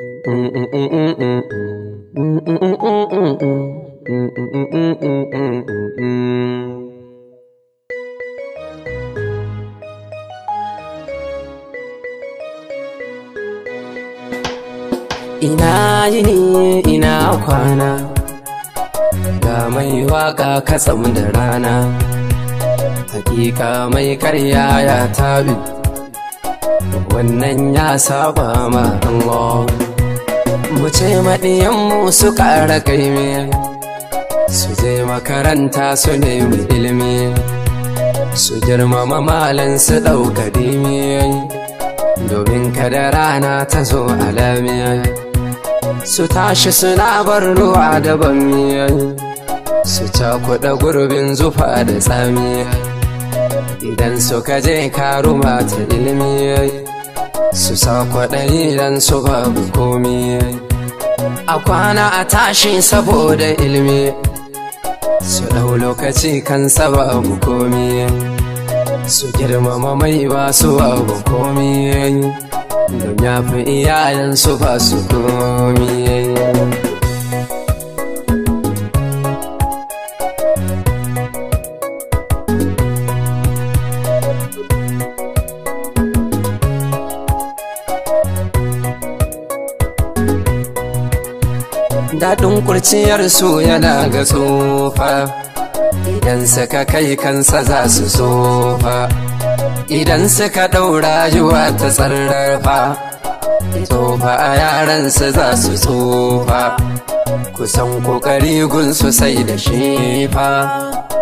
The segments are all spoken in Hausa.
Ina yini ina kwana Ga mai waka katsam da rana Hakika mai karya ya tabi Wannan ya saba ma Allah Muce maɗiyanmu su ƙara kaimi su je makaranta su nemi ilimi su girmama malan su ɗauka dimi domin kada rana ta zo alami su tashi suna bar ruwa da bammi su cakuɗa gurbin zufa da tsami idan suka je karu ta ilimi su sa kwaɗayi dan su babu komi a kwana a tashi saboda ilmi su ɗau lokaci kan babu komi su girmama mai ba su babu komi don ya fi iyayen su ba su komi daɗin kurciyar su yana ga tsofa idan suka kai kansa za su tsofa idan suka ɗaura yiwa ta tsarrafa tsofa a yaransu za su tsofa kusan kokari su sai da shefa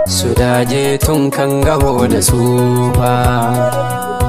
su daje tun kan gabo da tsofa.